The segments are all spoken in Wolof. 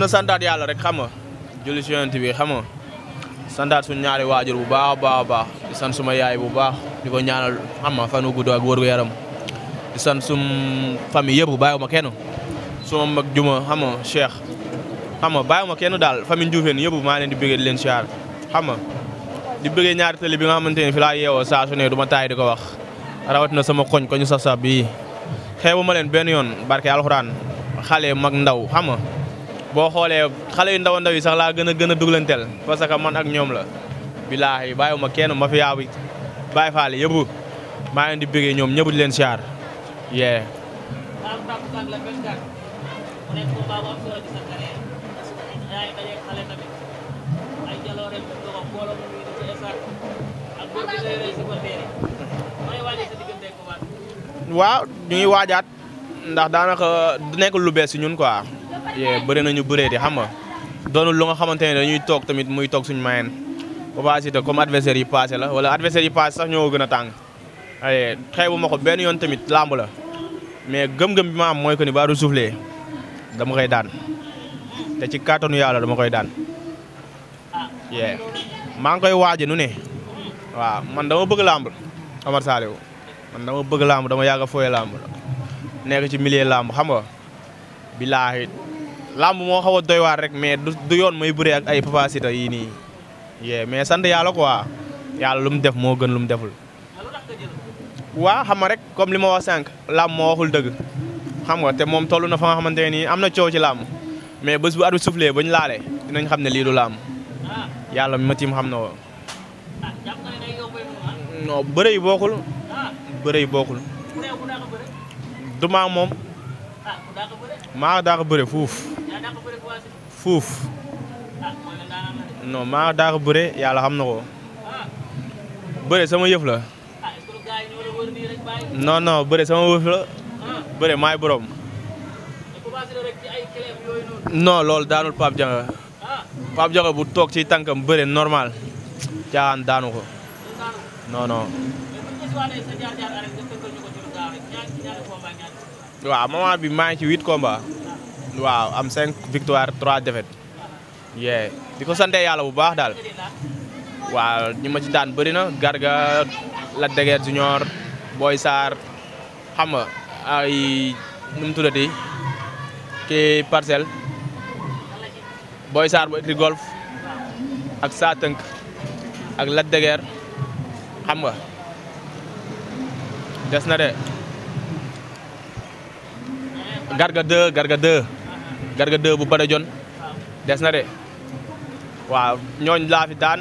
na santaat yàlla rek xam nga julli si yonent bi xam nga ñaari waajur bu baax a baax a baax di sant suma yaay bu baax di ko ñaanal xam fan wu gudd ak wërgu yaram di sant sum famille yëpp bàyyiwuma kenn suma mag juma xam nga Cheikh xam nga bàyyiwuma kenn daal famille Ndioufène yëpp maa leen di bëggee di leen siyaar xam di bëggee ñaari tëli bi nga xamante ne fi laa yeewoo saa ne du ma taay di ko wax rawatina sama koñ koñu saf-saf bii xeebu ma leen benn yoon barke alxuraan xale mag ndaw xam nga boo xoolee xale yu ndaw ndaw yi sax laa gën a gën a duglanteel parce que man ak ñoom la. bilaahi bàyyiwuma kenn ma fi yaabu bàyyi faale yëpp maa ngi di bëggee ñoom ñëpp di leen siyaar yee. waaw ñu ngi waajaat ndax daanaka nekk lu bees si ñun ko bëri nañu bëree di xam nga doonul lu nga xamante ne dañuy toog tamit muy toog suñu mayeen Papa Siteu comme adversaire yi passé la wala adversaire yi passé sax ñoo gën a tàng ay xeebu ma ko benn yoon tamit làmb la mais gëm-gëm bi ma mooy que ni baa du soufflé dama koy daan te ci kàttanu yàlla dama koy daan yee maa ngi koy waaje nu ne waaw man dama bëgg làmb Omar Saliou man dama bëgg làmb dama yàgg a fooye làmb nekk ci milieu làmb xam nga làmb moo xaw a doy waar rek mais du yoon may bëree ak ay Papa Siteu yii nii yee mais sant yàlla quoi yàlla lu mu def moo gën lu mu deful. waa xam nga rek comme li ma wax sànq làmb moo waxul dëgg xam nga te moom toll na fa xamante ne nii am na coow ci làmb mais bés bu at bi soufflé bañ laalee dinañ xam ne liilu du làmb yàlla ma tiim xam na wo non bëre yi bokkul bëre yi bokkul du maa moom maa daa ko bëre fuuf non maa daax a bëre yàlla xam na ko bëre sama yëf la non non bëre sama yëf la bëre maay borom non loolu daanul Pape Diakha Pape Diakha bu toog ci tànkam bëre normal caaxaan daanu ko non non waaw moment bi maa ngi ci wit combats waaw am cinq victoire trois défaites yee di ko sante yàlla bu baax daal waaw ñu ma ci daan bëri na Garga Lac de Guiers Junior Boy Sarr xam nga ay nu mu tuddati kii parcelle golf ak saa tënk ak Lac de Guiers xam nga des na Garga 2 Garga 2 garga 2 bu Badajon des na de waaw ñooñ laa daan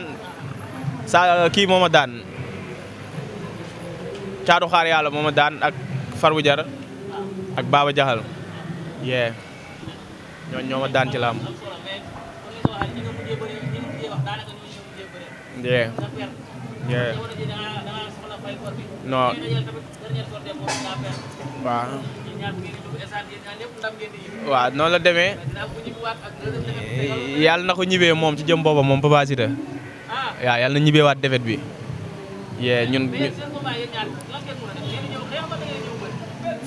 sa kii moo ma daan caatu xaar yàlla moo ma daan ak farbu jar ak baaba jaxal yee ñooñ ñoo ma daan ci yee yee non waaw waaw noonu la demee eh, yàlla na ko ñibbee moom ci jëm booba moom Papa Siteu ah. waaw yàlla na ñibbee waat defet bi yee ñun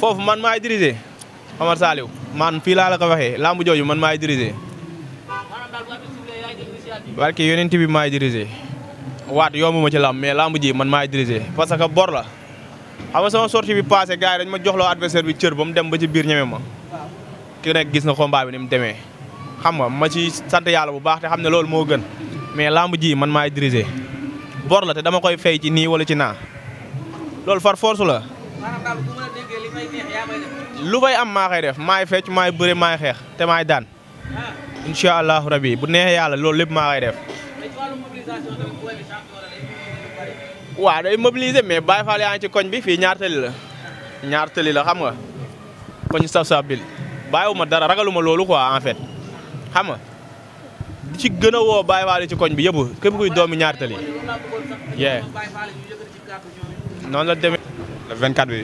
foofu man maa diriger Omar Saliou man fii laa la ko waxee lambu jooju man maa diriger barke yonent bi maay diriger waat yombu ma ci lamb mais lamb ji man maa diriger parce que bor la xam nga sama sortie bi passé gars yi dañ ma joxloo adversaire bi cër ba mu dem ba ci biir ñeme ma ki gis na combat bi ni mu demee xam nga ma ci sant yàlla bu baax te xam ne loolu moo gën mais lamb ji man maa diriger bor la te dama koy fay ci nii wala ci naa loolu far force la lu fay am maa koy def maay fecc maay bëre maay xeex te maay daan ah. incha allahu rabi bu neexee yàlla loolu lépp maa koy def waaw day mobiliser mais Baye Fall yaa ngi ci koñ bi fii ñaar tëli la ñaartali la xam nga koñ saf saf bi bàyyiwuma dara ragaluma loolu ko en fait xam nga di ci gën a woo Baye Fall ci koñ bi yëpp képp kuy doomi ñaartali yee noonu la demee le 24 bi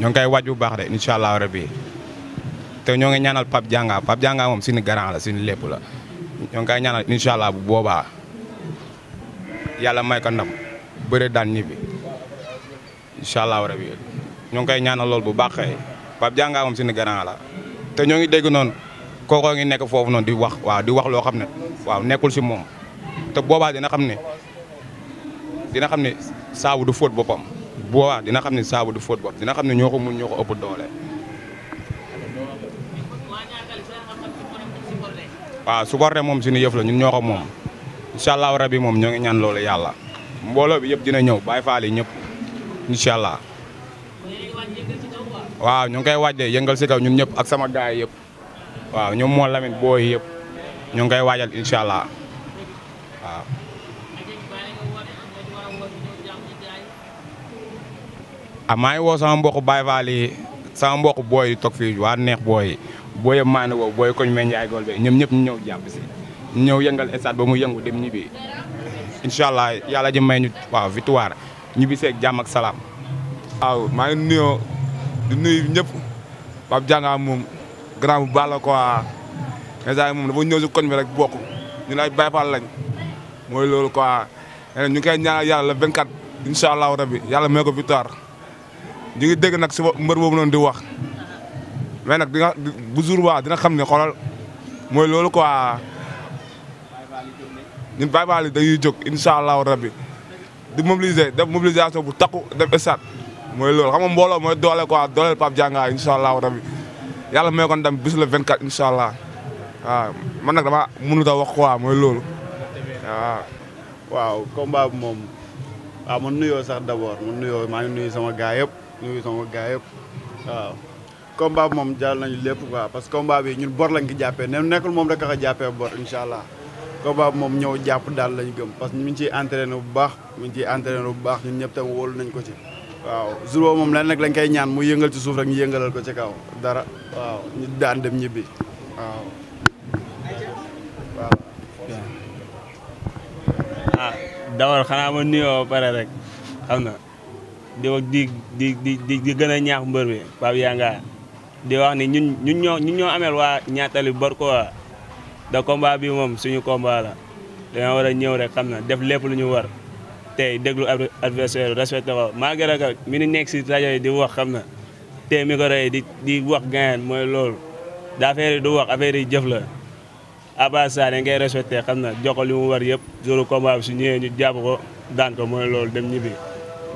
ñoo ngi koy waaj bu baax de incha allah rabbi te ñoo ngi ñaanal Pape Dianga Pape Dianga moom suñu la suñu lépp la ñoo ngi koy ñaanal incha allah bu boobaa yàlla may ko bëre daan ñibbi incha allahu rabi ñu ngi koy ñaanal lool bu baax xëy Pape Dianga moom suñu grand la te ñoo ngi dégg noonu kookoo ngi nekk foofu noon di wax waaw di wax loo xam ne waaw nekkul si moom te boobaa dina xam ne dina xam ne saabu du fóot boppam boobaa dina xam ne saabu du fóot bopp dina xam ni ñoo ko mun ñoo ko ëpp doole. waaw su ko moom suñu yëf la ñun ñoo ko moom incha allahu rabi moom ñoo ngi ñaan yàlla. mbooloo bi yëpp dina ñëw bàyyi faal yi ñëpp incha allah waaw ñoo ngi koy waaj de yëngal si kaw ñun ñëpp ak sama gaay yëpp waaw ñoom moo lamin booy yëpp ñoo ngi koy waajal incha allah waaw. ah ngi woo sama mbokku baay Fall yi sama mbokku booy yi toog fii waa neex booy booy yëpp maa ngi woo booy koñ meññ ay gol be ñoom ñëpp ñu ñëw jàpp si ñëw yëngal stade ba mu yëngu dem ñibbi. incha allah yàlla ji may ñu waaw victoire ñu biseeg jàmm ak salaam. aw maa nuyoo di nuy ñëpp Pape Dianga moom grand bu baax la quoi instant moom dafa ñëw si koñ bi rek bokk ñu lay Baay Faal lañ mooy loolu quoi ñu koy ñaanal yàlla le 24 incha allahu rabi yàlla may ko victoire ñu ngi dégg nag si mbër boobu noonu di wax mais nag di nga bu jour waa dina xam ne xoolal mooy loolu quoi. ñun Baye Fall yi dañuy jóg incha allahu rabbi di mobiliser def mobilisation bu takku def stade mooy loolu xam nga mbooloo mooy doole ko dooleel Pape Dianga incha allahu rabbi yàlla may ko ndam bis la 24 incha allah waaw man nag dama mënut a wax ko mooy loolu waaw. waaw combat moom waaw nuyoo sax d'abord man nuyoo maa ngi nuyu sama gars yëpp nuyu sama gars yëpp waaw. combat bi moom jàll nañu lépp quoi parce que combat ñun bor lañ ko jàppee ne nekkul moom rek a jàppee bor incha combat bi moom ñëw jàpp daal lañu gëm parce que ñu ngi ciy entraîné bu baax ñu ngi ciy entraîné bu baax ñun ñëpp tam wóolu nañ ko ci. waaw jour moom lenn nag lañ koy ñaan mu yëngal ci suuf rek ñu yëngalal ko ci kaw dara. waaw daan dem ñibbi waaw. waaw. ah dawal xanaa ma nuyoo ba pare rek xam na di wax di di di di a ñaax mbër bi Pape Yanga di ni ñun ñoo ameel waa ñaatali bor ko da combat bi moom suñu combat la dañoo war a ñëw rek xam na def lépp lu ñu war tey déglu adversaire respecté ko malgré que mi ni nekk si rajo di wax xam na tey mi ko rey di di wax gain mooy loolu da affaire yi du wax affaire yi jëf la à part ça da ngay respecté xam na jox war yëpp joru combat bi su ñëwee ñu jàpp ko daan ko mooy loolu dem ñibbi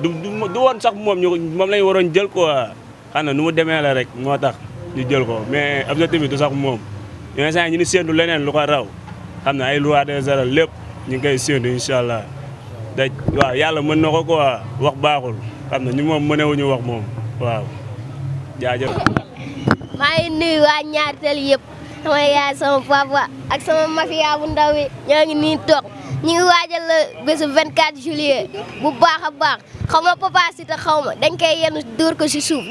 du du woon sax moom ñu moom lañ waroon jël quoi xam na nu mu demee la rek moo tax ñu jël ko mais objectif bi du sax moom yenn saa yi ñu ngi leneen lu ko raw xam na ay loi des arènes lépp ñu ngi koy séntu incha allah daj waaw yàlla mën na ko quoi wax baaxul xam na ñu moom mënewuñu wax moom waaw jaajëf. maa ngi nuyu waa Niary Tally yëpp bu ndaw yi ñoo ngi nii toog ñu ngi waajal la bésu 24 baax a baax dañ ko si suuf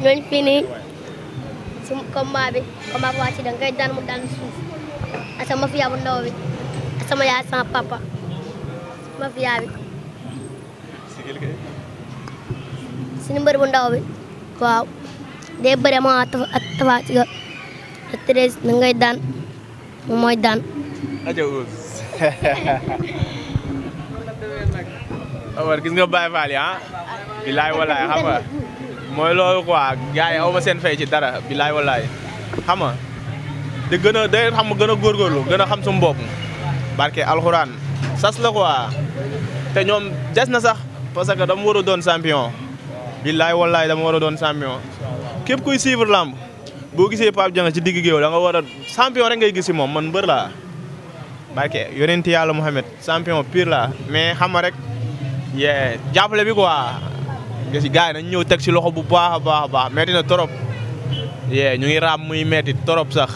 ñooñ fii nii su bi combat bu wàcc daan mu daan suuf ak sama mafia bu ndaw bi ak sama papa mafia bi ndaw bi waaw day bëre moo ak Tapha Tine le treize daan moom daan war gis nga Baye Fall yi ah bilaay walaay mooy loolu quoi gars yi seen fay ci dara billaay walaay xam nga di gën a day xam gën a góorgóorlu gën a xam suñu bopp barke alxuraan sas la quoi te ñoom des na sax parce que dama war a doon champion bilaay walaay dama war a doon champion képp kuy suivre lamb boo gisee Pape Dieng ci digg géew da nga war a champion ngay gis si moom man mbër laa barke yonenti yàlla Mouhamed champion pire la mais xam rek yee jàppale bi quoi gis gars yi nañ ñëw teg si loxo bu baax a baax a baax na trop yee ñu ngi raam muy metti torop sax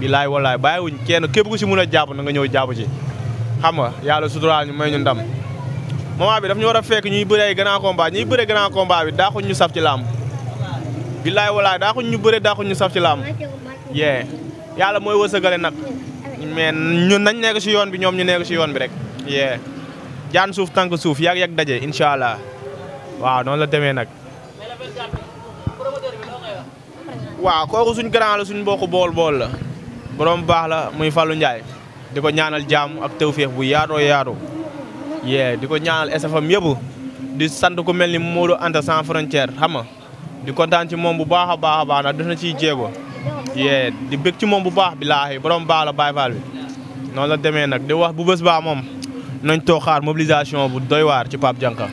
bilaay walaay bàyyiwuñ kenn képp ku si mun a jàpp na nga ñëw jàpp ci xam nga yàlla suturaal ñu may ñu ndam moment bi daf ñu war a fekk ñuy bëree grand combat ñuy bëree grand bi daaxuñ ñu saf ci laam bilaay walaay daaxuñ ñu bëree daaxuñ ñu saf ci laam yee yàlla mooy wërsëgale nag mais ñun nañ nekk si yoon bi ñoom ñu nekk si yoon bi rek jaan suuf tànk suuf yàgg yag daje incha allah waaw noonu la demee nag. waaw kooku suñ grand la suñ mbokku bool-bool la. borom baax la muy Fallou Ndiaye. di ko ñaanal jàmm ak tawféex bu yaatoo yaatu. yee di ko ñaanal SFM yëpp. di sant ku mel ni Modou Anta sans frontière xam nga di kontaan ci moom bu baax a baax a baax nag na ciy jéego. yee di bëgg ci moom bu baax bi laaxee borom baax la Baye Fall bi. noonu la demee nag di wax bu bés baax moom. nañ toog xaar bu doy waar ci Pape Dianka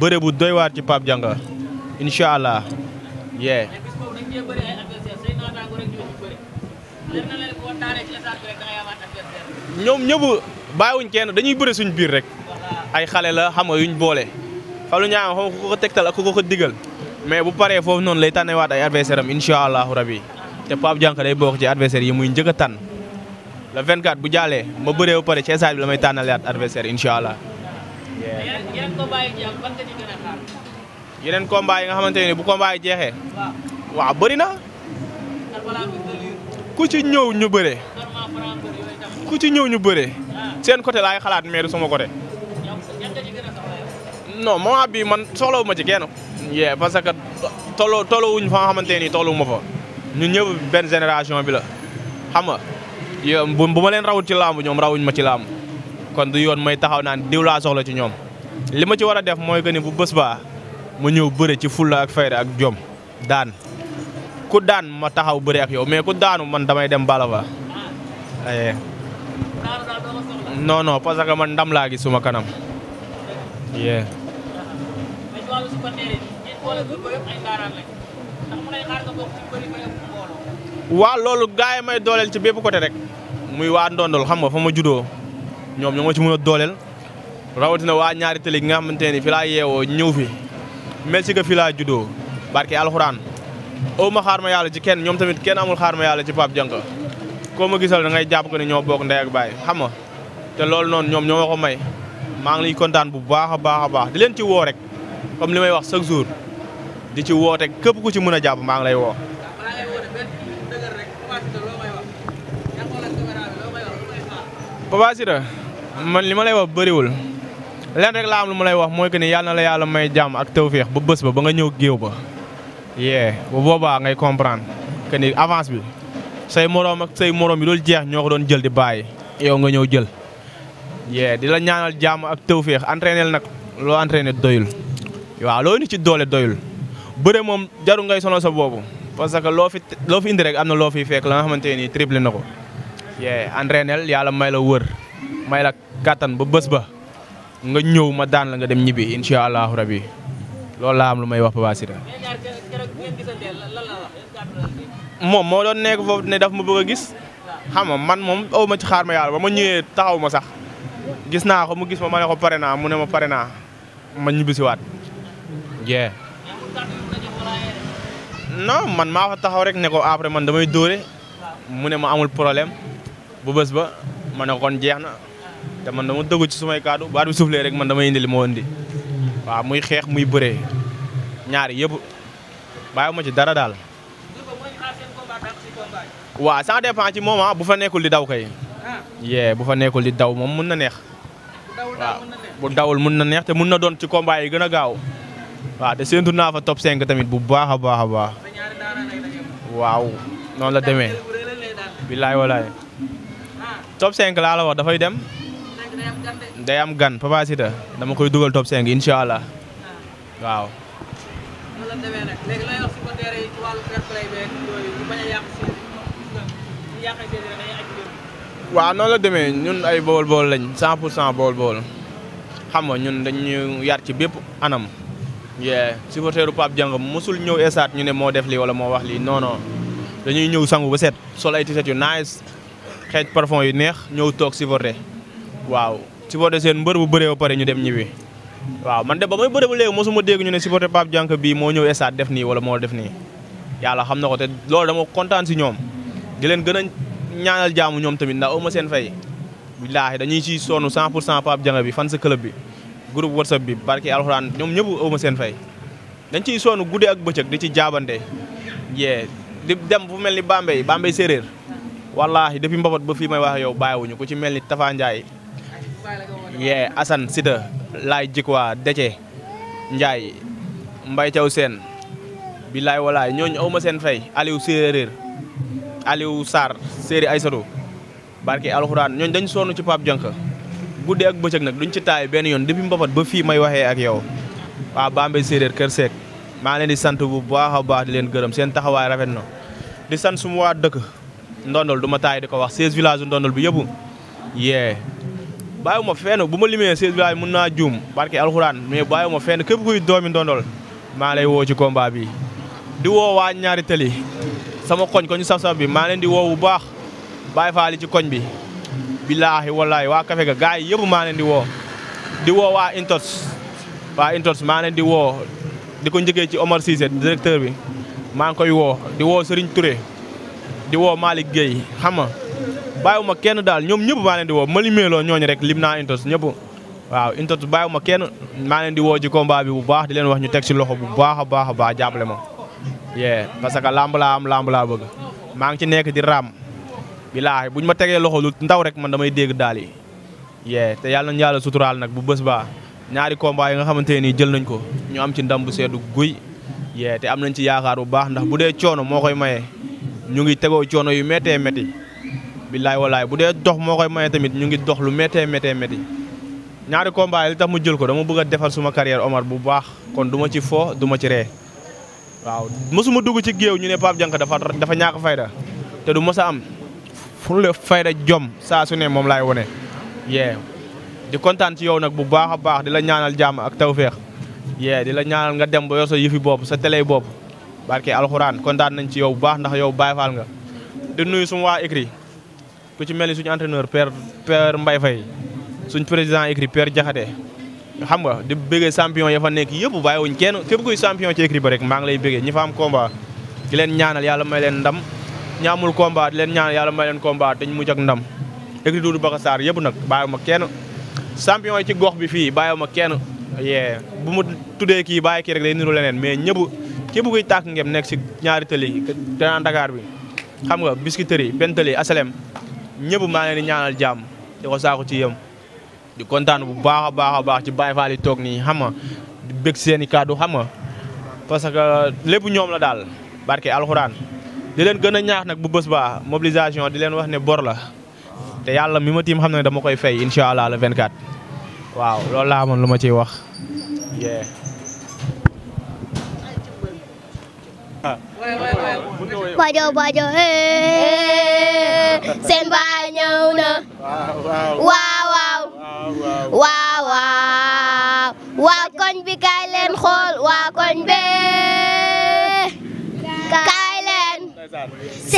bëre bu doy waar ci Pape Dianka incha allah. yee. ñoom ñëpp uñ kenn dañuy bëre suñ biir rek. ay xale la xam nga yuñ boole. xalu ñaa xam ku ko tegtal ak ku ko digal. mais bu paree foofu noonu lay tànnewaat ay adversaire am incha allahu rabi te Pape Dianka day bokk ci adversaire yi muy njëkk a tànn le 24 bu jaalee ma bëree ba pare ci stade bi la may tànnalaat adversaire incha allah. yeneen combat yi jeex ban nga xamante ne bu combat yi jeexee. waaw waaw na. ku ci ñëw ñu bëre. ku ci ñëw ñu bëre. Ah. seen côté laay xalaat mais du sama côté. non moment bii man soxlawu ma ci kenn. yee parce que tolloo tolloo wuñ fa nga xamante ne nii tolluwu ma fa. ñun ñëpp benn génération bi la xam bu ma leen rawut ci làmb ñoom rawuñ ma ci laam kon du yoon may taxaw naan diw laa soxla ci ñoom li ma ci war a def mooy que ni bu bés baa mu ñëw bëre ci fulla ak fayre ak jom daan ku daan ma taxaw bëre ak yow mais ku daanu man damay dem bala fa aye non non que man ndam laa gis suma kanam yee waaw loolu gars yi may dooleel ci bépp côté rek muy waa Ndondol xam nga fa ma juddoo ñoom ñoo ma ci mën a dooleel rawatina waa ñaari tëli gi nga xamante ni fi laa yeewoo ñëw fi mel si que fi laa juddoo barke alxuraan aw ma xaar ma yàlla ci kenn ñoom tamit kenn amul xaar ma yàlla ci Pape Dianka ko ma gisal da ngay jàpp ko ne ñoo bokk ndey baay xam te loolu noonu ñoom ñoo ma may maa ngi lay kontaan bu baax a baax a baax di leen ci woo rek comme li may wax chaque jour. di ci woote képp ku ci mën a jàpp maa ngi lay woo. Papa Siteu man li ma lay woo bëriwul leen rek laa lu ma lay wax mooy que ni yàlla na la yàlla may jàmm ak tawféex ba bés ba ba nga ñëw géew ba. yee bu boobaa ngay comprendre que ni avance bi say moroom ak say moroom yi doon jeex ñoo ko doon jël di baay yow nga ñëw jël. yee di la ñaanal jàmm ak tawféex entraîné nag loo entraîné doyul waaw loo ni ci doole doyul. bëre moom jaru ngay sonal sa boobu parce que loo fi loo fi indi rek am na loo fiy fekk la nga xamante nii triplé na ko yee entraînel yàlla may la wër may la kàttan ba bés ba nga ñëw ma daan la nga dem ñibbi incha allahu rabi loolu laa am lu may wax Papa moom moo doon nekk foofu ne daf ma bëgg a gis xam man moom aw ma ci xaar ma yàlla ba ma ñëwee taxaw ma sax gis naa ko mu gis ma ma ne ko pare naa mu ne ma pare naa ma ñibbisiwaat jee non man maa fa taxaw rek ne ko après man damay dóore mu ne ma amul problème bu bës ba ma ne kon jeex na te man dama dëggu ci sumay kaddu baat bi suuflee rek man damay indi li moo indi waaw muy xeex muy bëree ñaar yëpp bàyyiwuma ci dara daal. waa waaw ça dépend ci mooma bu fa nekkul di daw kay. yee bu fa nekkul di daw moom mun na neex. waaw bu dawul mun na neex te mun na doon ci combat yi gën a gaaw. waaw te séntu naa fa top 5 tamit bu baax a baax a baax. waaw noonu la demee. billaay walaay. top 5 laa la dafay dem. day am gan Papa dama koy dugal top 5 incha allah waaw. waaw noonu la demee ñun ay bool bool lañ 100 pour 100 bool bool xam nga ñun dañu yar ci bépp anam. yeah supporteru Pape Dianga mosul ñëw esaat ñu ne moo def li wala moo wax lii non dañuy ñëw sangu ba set sol ay tiset yu nice xeej parfum yu neex ñëw toog supporter waaw supporter seen mbër bu bëree ba pare ñu dem ñibbi waaw man de ba may bëre ba léegi mosuma dégg ñu ne supporter Pape Dianga bii moo ñëw esaat def nii wala moo def nii yàlla xam na ko te loolu dama kontaan si ñoom di leen gën a ñaanal jaamu ñoom tamit ndax aw ma seen fay billaahi dañuy siy sonn 100 pour cent Pape Dianga bi fan sa club bi groupe whatsapp bi barki alxuraan ñoom ñëpp awma seen fay dañ ciy sonn guddee ak bëccëg di ci jaabante yee di dem fu mel ni Bambey Bambey séeréer wallaahi depuis mbapat ba fii may wax yow bàyyiwuñu ku ci mel ni Tafa Ndiaye yee Assane Sita laay jikwaa Dece Ndiaye Mbay Thiaw Seen bilaay walaay ñooñu awma seen fay Aliou séeréer Aliou Sarr séeri Aysatu barki alxuraan ñooñu dañ sonn ci Pape Dianka guddi ak bëccëg nag duñ ci taay benn yoon depuis mbapat ba fii may waxee ak yow waa Bambey séeréer Kër Seck maa leen di sant bu baax a baax di leen gërëm seen taxawaay rafet no di sant suma waa dëkk ndondol du ma taay di ko wax 16 villages ndondol bi yëpp yee bàyyi ma fenn bu ma limee 16 villages mën naa juum barke alxuraan mais bàyyi ma fenn képp kuy doomi ndondol maa lay woo ci combat bi di woo waa ñaari tëli sama koñ koñ ñu saf-saf bi maa leen di woo bu baax bàyyi faali ci koñ bi billaahi wallaahi waa kafe ga gars yi yëpp maa leen di woo di woo waa Intox waa Intox maa leen di woo di ko njëkkee ci Omar Cissé directeur bi maa ngi koy woo di woo Serigne Touré di woo Malick Guèye xam nga ma kenn daal ñoom ñëpp maa leen di woo ma limeeloo ñooñu rek lim naa Intox ñëpp waaw Intox bàyyiwuma kenn maa leen di woo ci combat bi bu baax di leen wax ñu teg si loxo bu baax a baax a baax jàppale ma yee parce que làmb laa am làmb laa bëgg maa ngi ci nekk bu ñu ma tegee loxo lu ndaw rek man damay dégg daal yee te yàlla nañu yàlla suturaal nag bu bës baa ñaari combat yi nga xamante ne nii jël nañ ko ñu am ci ndam bu seddu guy yee te am nañ ci yaakaar bu baax ndax bu dee coono moo koy maye ñu ngi tegoo coono yu méttee métti billaay walaay bu dee dox moo koy maye tamit ñu ngi dox lu méttee méttee ñaari combat yi li tax mu jël ko dama bëgg a defar suma carrière Omar bu baax kon duma ma ci fo du ci ree waaw mësuma dugg ci géew ñu ne Pape Dianka dafa dafa ñàkk fu la fayda jom saa su ne moom laay wone yee di kontaan ci yow nag bu baax a baax di la ñaanal jàmm ak tawféex yee di la ñaanal nga dem ba yor sa yëfi boobu sa télé boobu barke alxuraan kontaan nañ ci yow bu baax ndax yow Baay Faal nga di nuyu suñu waa écrit ku ci mel ni suñ entraîneur père père Mbaye Faye suñ président écrit père Jaxate xam nga di bëggee champion ya fa nekk yëpp bàyyiwuñ kenn képp kuy champion ci écrit ba rek maa ngi lay bëggee ñi fa am combat di leen ñaanal yàlla may leen ndam ñaamul amul leen ñaan yàlla may leen combat dañ mujj ak ndam écrit Doudou Baka Sarr yëpp nag bàyyiwuma kenn champion yi ci gox bi fii bàyyiwuma kenn yee bu mu tuddee kii bàyyi kii rek day niru leneen mais ñëpp képp kuy tàkk ngem nekk si ñaari tëli danaan Dakar bi xam nga biscuiterie benn tëli asalem ñëpp maa ngi leen ñaanal jàmm di ko saako ci yëm di kontaan bu baax a baax a baax ci Baye Fall yi toog nii xam nga di bëgg seen i kàddu xam nga parce que lépp ñoom la daal barke alxuraan di leen gën a ñaax nag bu bés mobilisation di leen wax ne bor la te yàlla mi ma tiim xam ne dama koy fay incha allah le 24. waaw loolu laa amoon lu ma ciy wax. Bajo bajo eh, seen baay ñëw na. waaw waaw. waaw waaw. waa koñ bi leen xool waa koñ bee.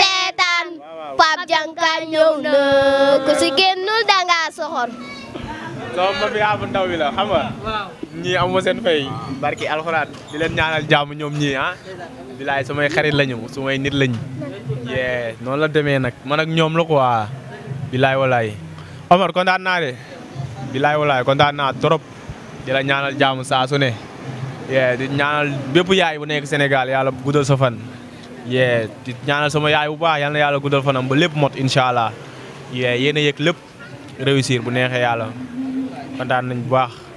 seetaan Pape Dianka ñëw na ku si génnul dangaa soxor sama ma fi bi la xam nga ñii am ma fay barki alxuraan di ñaanal jàmm ñoom ñii ah bilaay samay xarit lañu sumay nit lañu yee noonu la demee nag man ñoom la quoi bilaay walaay Omar kontaan naa de bilaay walaay kontaan naa trop di la ñaanal jàmm saa su ne yee di ñaanal bépp yaay bu nekk Sénégal yàlla guddal sa fan yee di ñaanal sama yaay bu baax yal na yàlla guddal fanam ba lépp mot incha allah yéen a yëg lépp réussir bu neexee yàlla kontaan nañ bu baax.